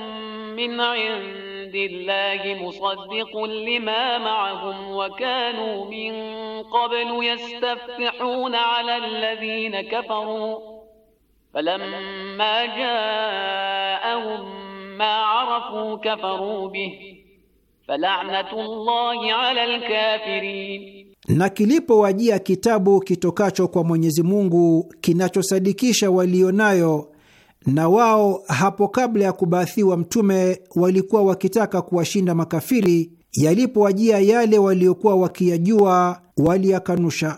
min indillahi musaddiqun lima maahum wa kanu min qablu ala alladhina Falamma jaahum ma arafu kafaru bih fala'natullahi 'alal kafirin, na kilipowajia kitabu kitokacho kwa Mwenyezi Mungu kinachosadikisha walionayo na wao hapo kabla ya kubaathiwa mtume walikuwa wakitaka kuwashinda makafiri, yalipowajia yale waliokuwa wakiyajua waliyakanusha.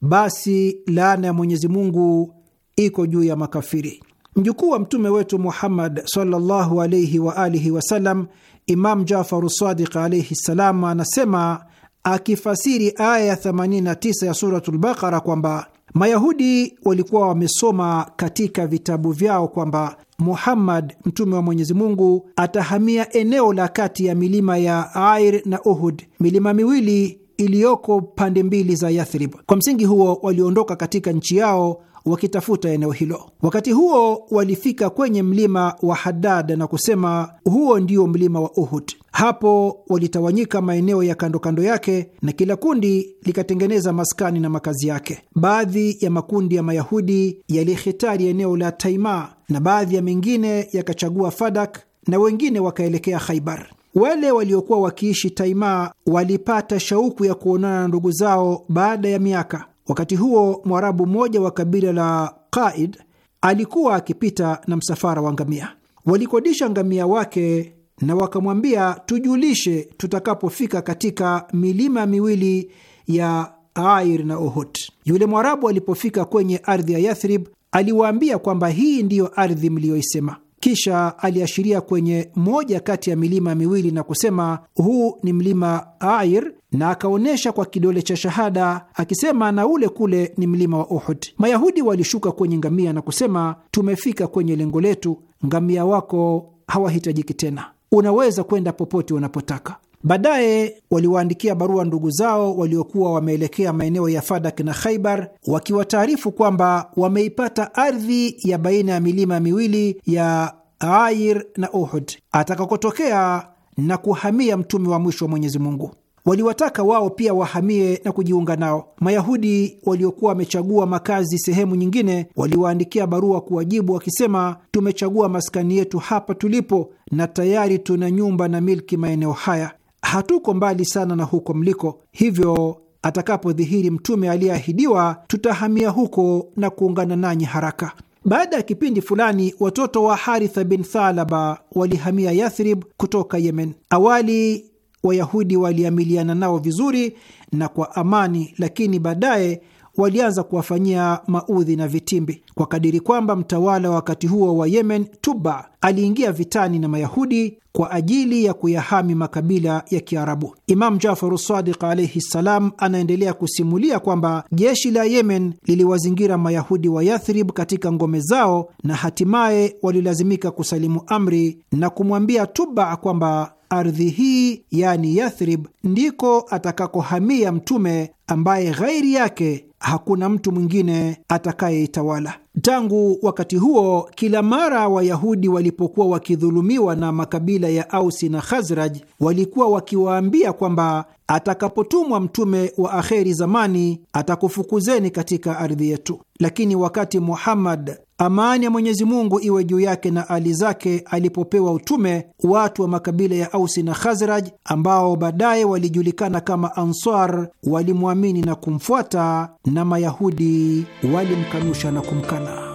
Basi laana ya Mwenyezi Mungu iko juu ya makafiri. Mjukuu wa mtume wetu Muhammad sallallahu alaihi wa alihi wasallam, Imam Jafaru Sadiq alaihi ssalam, anasema akifasiri aya ya 89 ya Suratul Bakara kwamba Mayahudi walikuwa wamesoma katika vitabu vyao kwamba Muhammad mtume wa Mwenyezi Mungu atahamia eneo la kati ya milima ya Air na Uhud, milima miwili iliyoko pande mbili za Yathrib. Kwa msingi huo waliondoka katika nchi yao wakitafuta eneo hilo. Wakati huo walifika kwenye mlima wa Hadad na kusema huo ndio mlima wa Uhud. Hapo walitawanyika maeneo ya kando kando yake, na kila kundi likatengeneza maskani na makazi yake. Baadhi ya makundi ya Mayahudi yalihitari eneo la Taima na baadhi ya mengine yakachagua Fadak na wengine wakaelekea Khaibar. Wale waliokuwa wakiishi Taima walipata shauku ya kuonana na ndugu zao baada ya miaka Wakati huo Mwarabu mmoja wa kabila la Qaid alikuwa akipita na msafara wa ngamia. Walikodisha ngamia wake na wakamwambia, tujulishe tutakapofika katika milima miwili ya Air na Uhud. Yule Mwarabu alipofika kwenye ardhi ya Yathrib aliwaambia kwamba hii ndiyo ardhi mliyoisema. Kisha aliashiria kwenye moja kati ya milima miwili na kusema, huu ni mlima Air na akaonyesha kwa kidole cha shahada akisema, na ule kule ni mlima wa Uhud. Mayahudi walishuka kwenye ngamia na kusema, tumefika kwenye lengo letu, ngamia wako hawahitajiki tena, unaweza kwenda popote unapotaka. Baadaye waliwaandikia barua ndugu zao waliokuwa wameelekea maeneo ya Fadak na Khaibar, wakiwataarifu kwamba wameipata ardhi ya baina ya milima miwili ya Air na Uhud atakakotokea na kuhamia mtume wa mwisho wa Mwenyezi Mungu. Waliwataka wao pia wahamie na kujiunga nao. Mayahudi waliokuwa wamechagua makazi sehemu nyingine waliwaandikia barua kuwajibu wakisema, tumechagua maskani yetu hapa tulipo na tayari tuna nyumba na milki maeneo haya, hatuko mbali sana na huko mliko, hivyo atakapodhihiri mtume aliyeahidiwa tutahamia huko na kuungana nanyi haraka. Baada ya kipindi fulani, watoto wa Haritha bin Thalaba walihamia Yathrib kutoka Yemen. Awali Wayahudi waliamiliana nao vizuri na kwa amani, lakini baadaye walianza kuwafanyia maudhi na vitimbi kwa kadiri kwamba mtawala wa wakati huo wa Yemen Tuba aliingia vitani na Mayahudi kwa ajili ya kuyahami makabila ya Kiarabu. Imam Jafaru Sadiq alaihi ssalam anaendelea kusimulia kwamba jeshi la Yemen liliwazingira Mayahudi wa Yathrib katika ngome zao na hatimaye walilazimika kusalimu amri na kumwambia Tuba kwamba ardhi hii, yani Yathrib, ndiko atakakohamia Mtume ambaye ghairi yake hakuna mtu mwingine atakayeitawala. Tangu wakati huo, kila mara Wayahudi walipokuwa wakidhulumiwa na makabila ya Ausi na Khazraj, walikuwa wakiwaambia kwamba Atakapotumwa mtume wa akheri zamani, atakufukuzeni katika ardhi yetu. Lakini wakati Muhammad, amani ya Mwenyezi Mungu iwe juu yake na ali zake, alipopewa utume, watu wa makabila ya Ausi na Khazraj ambao baadaye walijulikana kama Ansar walimwamini na kumfuata, na Mayahudi walimkanusha na kumkana.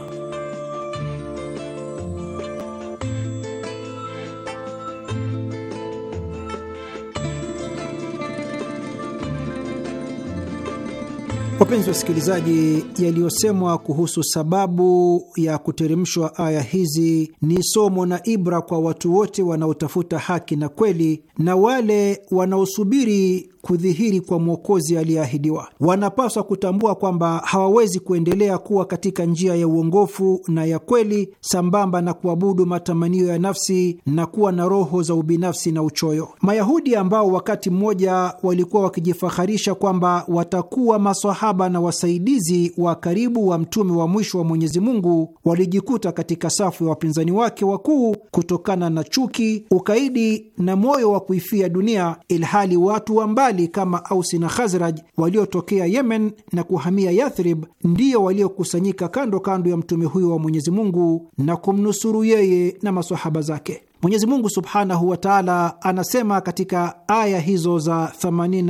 Wapenzi wasikilizaji, yaliyosemwa kuhusu sababu ya kuteremshwa aya hizi ni somo na ibra kwa watu wote wanaotafuta haki na kweli na wale wanaosubiri kudhihiri kwa mwokozi aliyeahidiwa. Wanapaswa kutambua kwamba hawawezi kuendelea kuwa katika njia ya uongofu na ya kweli sambamba na kuabudu matamanio ya nafsi na kuwa na roho za ubinafsi na uchoyo. Mayahudi ambao wakati mmoja walikuwa wakijifaharisha kwamba watakuwa masahaba na wasaidizi wa karibu wa mtume wa mwisho wa Mwenyezi Mungu walijikuta katika safu ya wapinzani wake wakuu kutokana na chuki, ukaidi na moyo wa kuifia dunia, ilhali watu ambao mbalimbali kama Ausi na Khazraj waliotokea Yemen na kuhamia Yathrib ndiyo waliokusanyika kando kando ya mtume huyo wa Mwenyezi Mungu na kumnusuru yeye na masahaba zake. Mwenyezi Mungu subhanahu wa taala anasema katika aya hizo za 89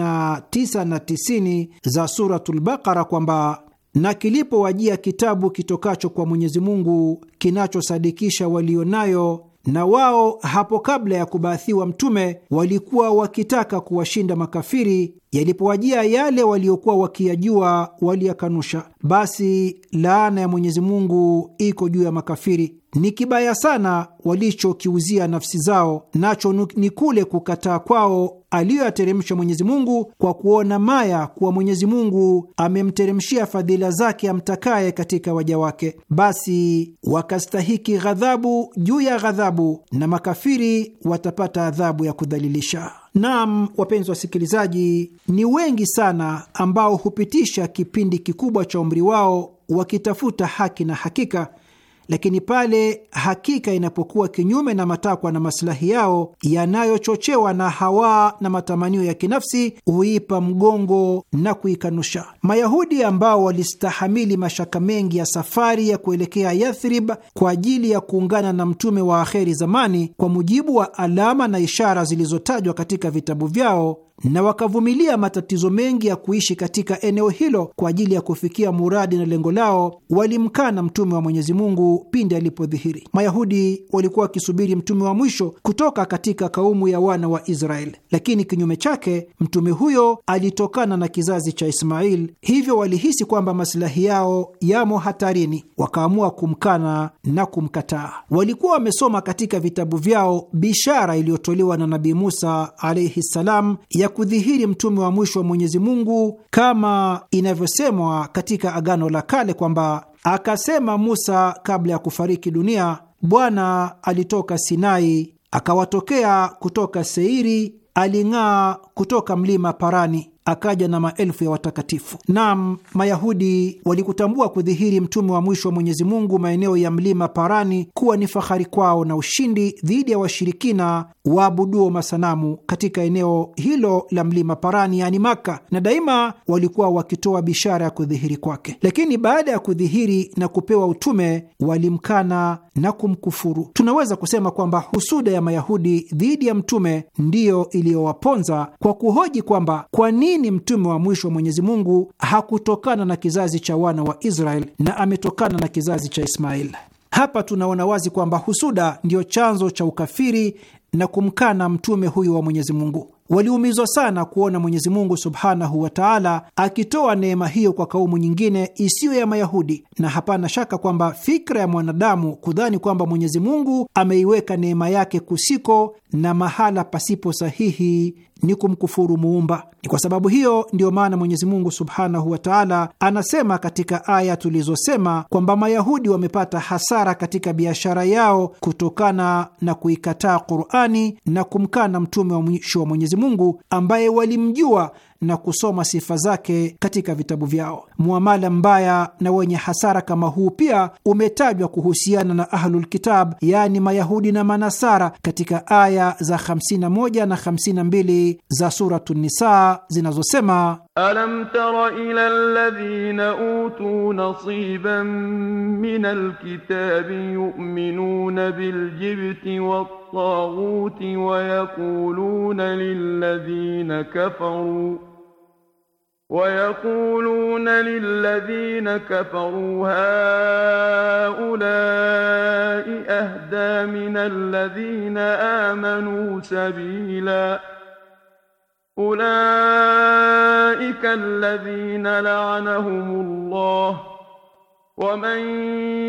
na 90 za Suratul Baqara kwamba na kilipowajia kitabu kitokacho kwa Mwenyezi Mungu kinachosadikisha walionayo na wao hapo kabla ya kubaathiwa mtume walikuwa wakitaka kuwashinda makafiri. Yalipowajia yale waliokuwa wakiyajua, waliyakanusha. Basi laana ya Mwenyezi Mungu iko juu ya makafiri. Ni kibaya sana walichokiuzia nafsi zao, nacho ni kule kukataa kwao aliyoyateremsha Mwenyezi Mungu kwa kuona maya kuwa Mwenyezi Mungu amemteremshia fadhila zake amtakaye katika waja wake. Basi wakastahiki ghadhabu juu ya ghadhabu, na makafiri watapata adhabu ya kudhalilisha. Naam, wapenzi wasikilizaji, ni wengi sana ambao hupitisha kipindi kikubwa cha umri wao wakitafuta haki na hakika lakini pale hakika inapokuwa kinyume na matakwa na masilahi yao yanayochochewa na hawa na matamanio ya kinafsi, huipa mgongo na kuikanusha. Mayahudi ambao walistahamili mashaka mengi ya safari ya kuelekea Yathrib kwa ajili ya kuungana na mtume wa akheri zamani, kwa mujibu wa alama na ishara zilizotajwa katika vitabu vyao na wakavumilia matatizo mengi ya kuishi katika eneo hilo kwa ajili ya kufikia muradi na lengo lao, walimkana mtume wa Mwenyezi Mungu pindi alipodhihiri. Mayahudi walikuwa wakisubiri mtume wa mwisho kutoka katika kaumu ya wana wa Israeli, lakini kinyume chake mtume huyo alitokana na kizazi cha Ismail, hivyo walihisi kwamba masilahi yao yamo hatarini, wakaamua kumkana na kumkataa. Walikuwa wamesoma katika vitabu vyao bishara iliyotolewa na Nabii Musa alaihi salam ya kudhihiri mtume wa mwisho wa Mwenyezi Mungu, kama inavyosemwa katika Agano la Kale kwamba akasema Musa kabla ya kufariki dunia, Bwana alitoka Sinai, akawatokea kutoka Seiri, aling'aa kutoka mlima Parani, akaja na maelfu ya watakatifu. Naam, Mayahudi walikutambua kudhihiri mtume wa mwisho wa Mwenyezi Mungu maeneo ya mlima Parani kuwa ni fahari kwao na ushindi dhidi ya washirikina waabuduo masanamu katika eneo hilo la mlima Parani, yaani Maka, na daima walikuwa wakitoa bishara ya kudhihiri kwake. Lakini baada ya kudhihiri na kupewa utume, walimkana na kumkufuru. Tunaweza kusema kwamba husuda ya Mayahudi dhidi ya mtume ndiyo iliyowaponza kwa kuhoji kwamba kwa nini nini mtume wa mwisho wa Mwenyezi Mungu hakutokana na kizazi cha wana wa israel na ametokana na kizazi cha ismail Hapa tunaona wazi kwamba husuda ndiyo chanzo cha ukafiri na kumkana mtume huyo wa Mwenyezi Mungu. Waliumizwa sana kuona Mwenyezi Mungu subhanahu wa taala akitoa neema hiyo kwa kaumu nyingine isiyo ya Mayahudi, na hapana shaka kwamba fikra ya mwanadamu kudhani kwamba Mwenyezi Mungu ameiweka neema yake kusiko na mahala pasipo sahihi ni kumkufuru Muumba. Ni kwa sababu hiyo ndiyo maana Mwenyezi Mungu subhanahu wa taala anasema katika aya tulizosema kwamba Mayahudi wamepata hasara katika biashara yao kutokana na kuikataa Qurani na kumkana mtume wa mwisho wa Mwenyezi Mungu ambaye walimjua na kusoma sifa zake katika vitabu vyao. Muamala mbaya na wenye hasara kama huu pia umetajwa kuhusiana na Ahlulkitab, yaani Mayahudi na Manasara, katika aya za 51 na 52 za Suratu Nisa zinazosema Alam tara ila alladhina utu nasiban min alkitabi yuminuna biljibti wattaghuti wayakuluna lilladhina kafaru ويقولون للذين كفروا هؤلاء أهدى من الذين آمنوا سبيلا أولئك الذين لعنهم الله ومن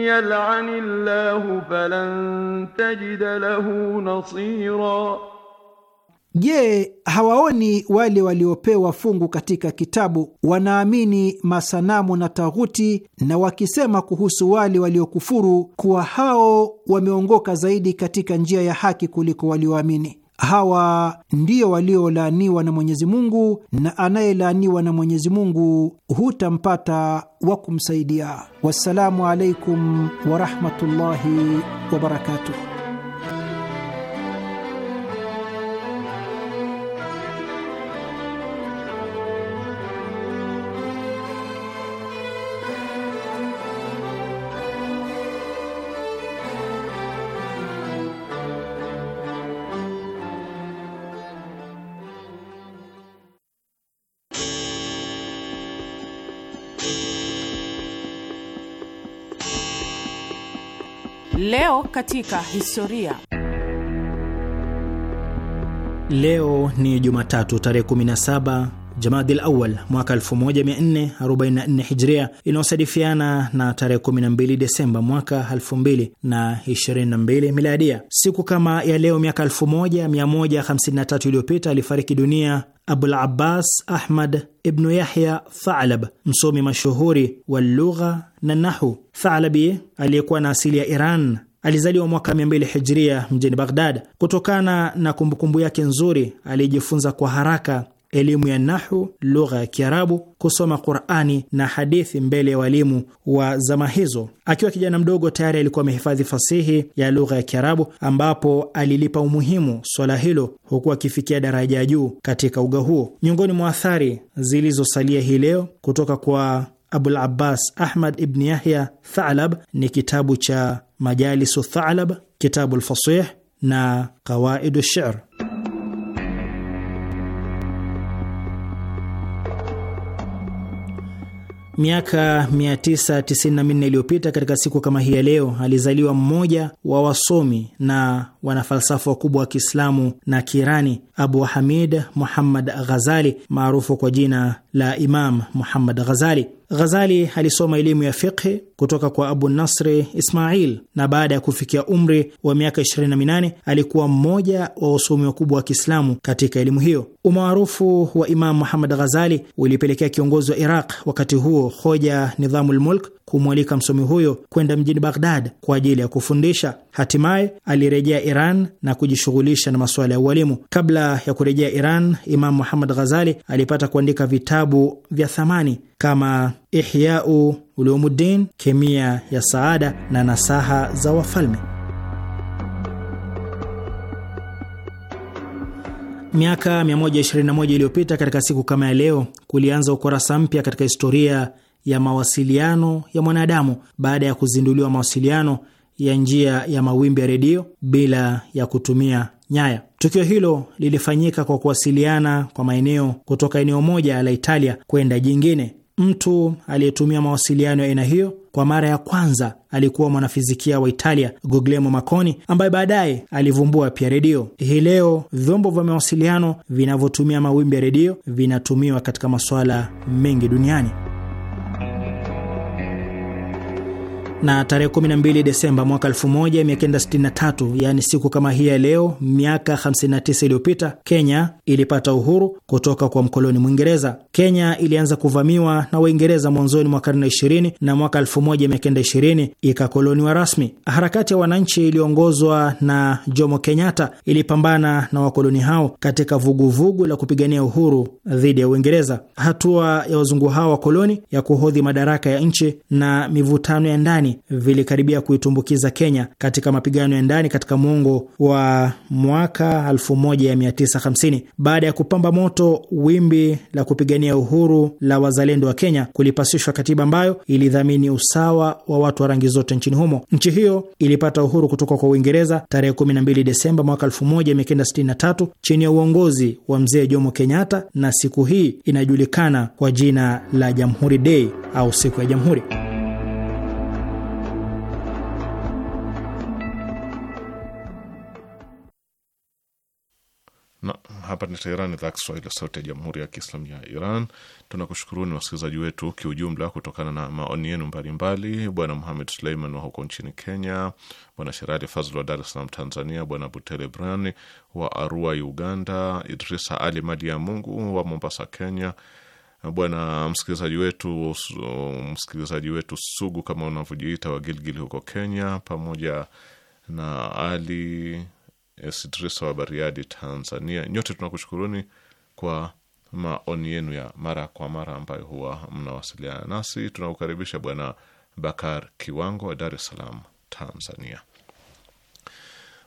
يلعن الله فلن تجد له نصيراً Je, hawaoni wale waliopewa fungu katika kitabu? Wanaamini masanamu na taghuti, na wakisema kuhusu wale waliokufuru kuwa hao wameongoka zaidi katika njia ya haki kuliko walioamini. Hawa ndio waliolaaniwa na Mwenyezi Mungu, na anayelaaniwa na Mwenyezi Mungu hutampata wa kumsaidia. Wassalamu alaikum warahmatullahi wabarakatuh. Leo katika historia. Leo ni Jumatatu tarehe 17 Jamadil Awal mwaka 1444 Hijria, inayosadifiana na tarehe 12 Desemba mwaka 2022 Miladia. Siku kama ya leo miaka 1153 iliyopita alifariki dunia Abul Abbas Ahmad ibnu Yahya Thalab, msomi mashuhuri wa lugha na nahu. Thalabi aliyekuwa na asili ya Iran Alizaliwa mwaka 200 hijria mjini Baghdad. Kutokana na kumbukumbu yake nzuri, alijifunza kwa haraka elimu ya nahu, lugha ya Kiarabu, kusoma Qurani na hadithi mbele ya walimu wa zama hizo. Akiwa kijana mdogo, tayari alikuwa amehifadhi fasihi ya lugha ya Kiarabu, ambapo alilipa umuhimu swala hilo, huku akifikia daraja ya juu katika uga huo. Miongoni mwa athari zilizosalia hii leo kutoka kwa Abul Abbas Ahmad ibni Yahya Thalab ni kitabu cha Majalisu Thalab, Kitabu Lfasih na Qawaidu Shir. Miaka 994 iliyopita katika siku kama hii ya leo alizaliwa mmoja wa wasomi na wanafalsafa wakubwa wa Kiislamu na Kiirani, Abu Hamid Muhammad Ghazali, maarufu kwa jina la Imam Muhammad Ghazali. Ghazali alisoma elimu ya fiqhi kutoka kwa Abu Nasri Ismail na baada ya kufikia umri wa miaka 28 alikuwa mmoja wa wasomi wakubwa wa Kiislamu katika elimu hiyo. Umaarufu wa imamu Muhammad Ghazali ulipelekea kiongozi wa Iraq wakati huo hoja Nidhamul Mulk humwalika msomi huyo kwenda mjini Baghdad kwa ajili ya kufundisha. Hatimaye alirejea Iran na kujishughulisha na masuala ya ualimu. Kabla ya kurejea Iran, Imam Muhammad Ghazali alipata kuandika vitabu vya thamani kama Ihyau Ulumuddin, Kemia ya Saada na Nasaha za Wafalme. Miaka 121 iliyopita katika siku kama ya leo kulianza ukurasa mpya katika historia ya mawasiliano ya mwanadamu baada ya kuzinduliwa mawasiliano ya njia ya mawimbi ya redio bila ya kutumia nyaya. Tukio hilo lilifanyika kwa kuwasiliana kwa maeneo kutoka eneo moja la Italia kwenda jingine. Mtu aliyetumia mawasiliano ya aina hiyo kwa mara ya kwanza alikuwa mwanafizikia wa Italia Guglielmo Marconi, ambaye baadaye alivumbua pia redio. Hii leo vyombo vya mawasiliano vinavyotumia mawimbi ya redio vinatumiwa katika masuala mengi duniani. na tarehe 12 Desemba mwaka 1963, yaani siku kama hii ya leo miaka 59 iliyopita, Kenya ilipata uhuru kutoka kwa mkoloni Mwingereza. Kenya ilianza kuvamiwa na Waingereza mwanzoni mwa karne 20 na mwaka 1920 ikakoloniwa rasmi. Harakati ya wananchi iliyoongozwa na Jomo Kenyatta ilipambana na wakoloni hao katika vuguvugu vugu la kupigania uhuru dhidi ya Uingereza. Hatua ya wazungu hao wakoloni ya kuhodhi madaraka ya nchi na mivutano ya ndani vilikaribia kuitumbukiza Kenya katika mapigano ya ndani katika mwongo wa mwaka 1950. Baada ya kupamba moto wimbi la kupigania uhuru la wazalendo wa Kenya, kulipasishwa katiba ambayo ilidhamini usawa wa watu wa rangi zote nchini humo. Nchi hiyo ilipata uhuru kutoka kwa Uingereza tarehe 12 Desemba mwaka 1963 chini ya uongozi wa mzee Jomo Kenyatta, na siku hii inajulikana kwa jina la Jamhuri Day au siku ya Jamhuri. Na, hapa ni Teherani, idhaa ya Kiswahili, sauti ya jamhuri ya kiislamu ya Iran. Tunakushukuruni wasikilizaji wetu kiujumla kutokana na maoni yenu mbalimbali, Bwana Muhamed Suleiman wa huko nchini Kenya, Bwana Sherali Fazl wa Dar es Salaam Tanzania, Bwana Butele Brani wa Arua Uganda, Idrisa Ali Madi ya Mungu wa Mombasa Kenya, Bwana msikilizaji wetu msikilizaji wetu sugu kama unavyojiita wa Gilgili huko Kenya, pamoja na Ali Eh, Sidrisa wa Bariadi, Tanzania. Nyote tunakushukuruni kwa maoni yenu ya mara kwa mara ambayo huwa mnawasiliana nasi. tunakukaribisha Bwana Bakar Kiwango wa Dar es Salaam, Tanzania.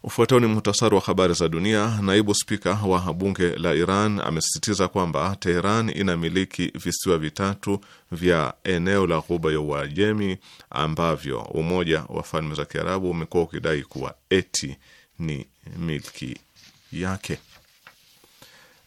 Ufuatao ni muhtasari wa habari za dunia. Naibu spika wa bunge la Iran amesisitiza kwamba Teheran inamiliki visiwa vitatu vya eneo la ghuba ya Uajemi ambavyo Umoja wa Falme za Kiarabu umekuwa ukidai kuwa eti ni milki yake.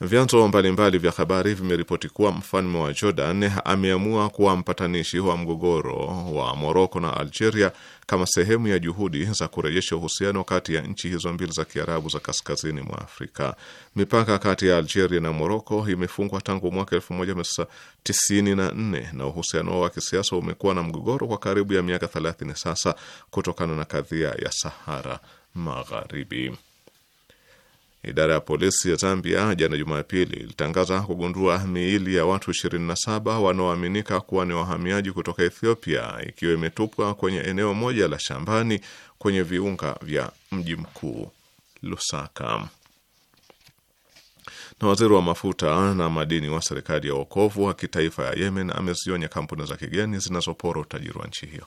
Vyanzo mbalimbali vya habari vimeripoti kuwa mfalme wa Jordan ameamua kuwa mpatanishi wa mgogoro wa Moroko na Algeria kama sehemu ya juhudi za kurejesha uhusiano kati ya nchi hizo mbili za Kiarabu za kaskazini mwa Afrika. Mipaka kati ya Algeria na Moroko imefungwa tangu mwaka 1994 na uhusiano wao wa kisiasa umekuwa na mgogoro kwa karibu ya miaka 30 sasa kutokana na kadhia ya Sahara Magharibi. Idara ya polisi ya Zambia jana Jumapili ilitangaza kugundua miili ya watu 27 wanaoaminika kuwa ni wahamiaji kutoka Ethiopia ikiwa imetupwa kwenye eneo moja la shambani kwenye viunga vya mji mkuu Lusaka. Na waziri wa mafuta na madini wa serikali ya uokovu wa kitaifa ya Yemen amezionya kampuni za kigeni zinazopora utajiri wa nchi hiyo.